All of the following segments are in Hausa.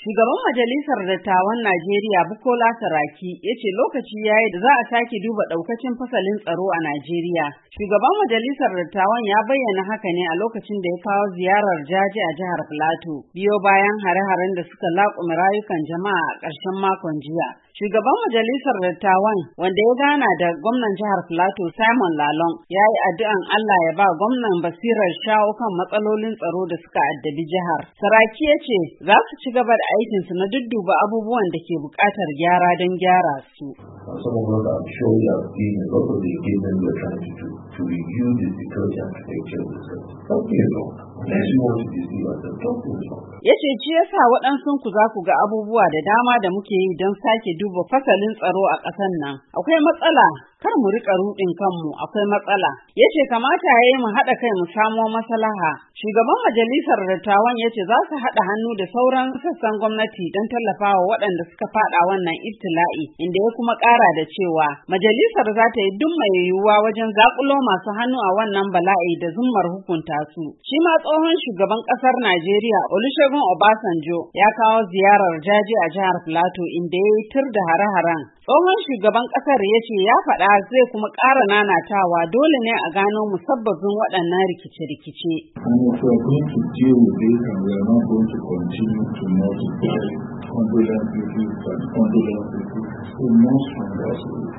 Shugaban Majalisar Dattawan Najeriya Bukola Saraki ya ce lokaci ya yi da za a sake duba ɗaukacin fasalin tsaro a Najeriya. Shugaban Majalisar Dattawan ya bayyana haka ne a lokacin da ya kawo ziyarar jaji a jihar Filato, biyo bayan hare-haren da suka laƙume rayukan jama'a a ƙarshen makon jiya. Shugaban Majalisar Dattawan wanda ya gana da gwamnan jihar Filato Simon Lalong ya yi addu'an Allah ya ba gwamnan basirar shawo kan matsalolin tsaro da suka addabi jihar. Saraki ya ce za su ci gaba da aikinsu na dudduba abubuwan da ke buƙatar gyara don gyara su. saboda da shoya ne da to review the architecture of the Ya ce, ci yasa waɗansu ku za ku ga abubuwa da dama da muke yi don sake duba fasalin tsaro a ƙasar nan. Akwai matsala kar mu riƙa ruɗin kanmu akwai matsala yace kamata ya yi mu haɗa kai mu samo maslaha shugaban majalisar dattawan ce za su haɗa hannu da sauran sassan gwamnati don tallafawa waɗanda suka faɗa wannan ibtila'i inda ya kuma ƙara da cewa majalisar za ta yi duk mai yiwuwa wajen zaƙuloma. masu hannu a wannan bala'i da zummar hukunta su. Shi ma tsohon shugaban ƙasar Najeriya Olusegun Obasanjo ya kawo ziyarar jaji a jihar Filato inda ya yi tur da hare-haren. Tsohon shugaban ƙasar ya ce ya faɗa zai kuma ƙara nanatawa dole ne a gano musabbabin waɗannan rikice-rikice. condolence with you and condolence with you. with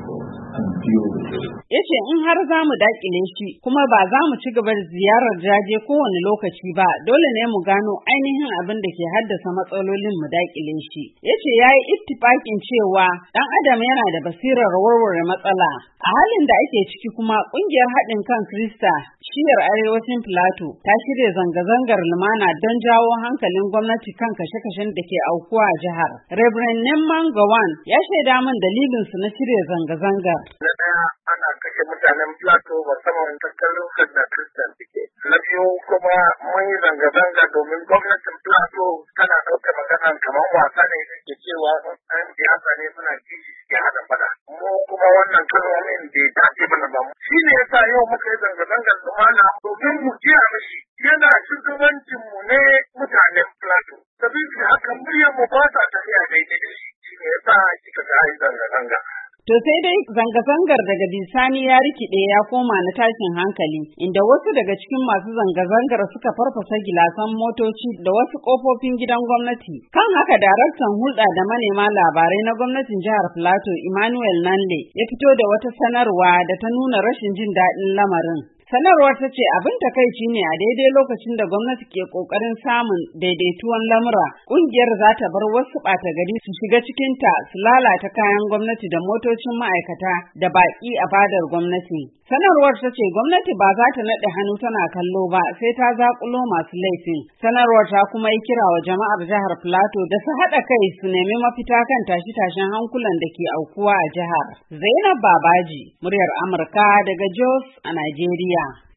Ya ce in har za mu dakile shi kuma ba za mu ci gaba da ziyarar jaje kowane lokaci ba dole ne mu gano ainihin abin da ke haddasa matsalolin mu dakile shi. Ya ce ya yi ittifakin cewa ɗan adam yana da basirar warware matsala. A halin da ake ciki kuma ƙungiyar haɗin kan Krista shiyar arewacin Filato ta shirya zanga-zangar lumana don jawo hankalin gwamnati kan kashe-kashen da ke aukuwa jihar. rebren neman Gawan ya shaida min dalilinsu na shirya zanga-zanga. Na ɗaya ana kashe mutanen Plateau musamman tattalin da Christian suke. Na biyu kuma mun yi zanga-zanga domin gwamnatin Plateau tana ɗauka magana kamar wasa ne ke cewa an siyasa ne suna ji ya haɗa fada. Mu kuma wannan kalmomin bai dace mana ba. Shi ne yasa yau muka yi zanga-zangar lumana domin mu kiyaye shi yana shugabancin ne mutanen Plateau. da haka muryar mu ba sa tafiya daidai shi ne yasa kika ga ai zanga-zanga To sai dai zanga-zangar daga bisani ya rikide ya koma na tashin hankali, inda wasu daga cikin masu zanga-zangar suka farfasa gilasan motoci da wasu kofofin gidan gwamnati. Kan haka daraktan hulɗa da manema labarai na gwamnatin jihar Filato Emmanuel Nanle ya fito da wata sanarwa da ta nuna rashin jin daɗin lamarin. Sanarwar ta ce abin takaici ne a daidai lokacin da gwamnati ke kokarin samun daidaituwan lamura ƙungiyar za ta bar wasu ɓata gari su shiga cikinta su lalata kayan gwamnati da motocin ma'aikata da baƙi a fadar gwamnati. Sanarwar ta ce gwamnati ba za ta naɗe hannu tana kallo ba sai ta zaƙulo masu laifin. Sanarwar ta kuma yi kira wa jama'ar jihar Plateau da su haɗa kai su nemi mafita kan tashe tashen hankulan da ke aukuwa a jihar. Zainab Babaji, muryar Amurka daga Jos a Najeriya.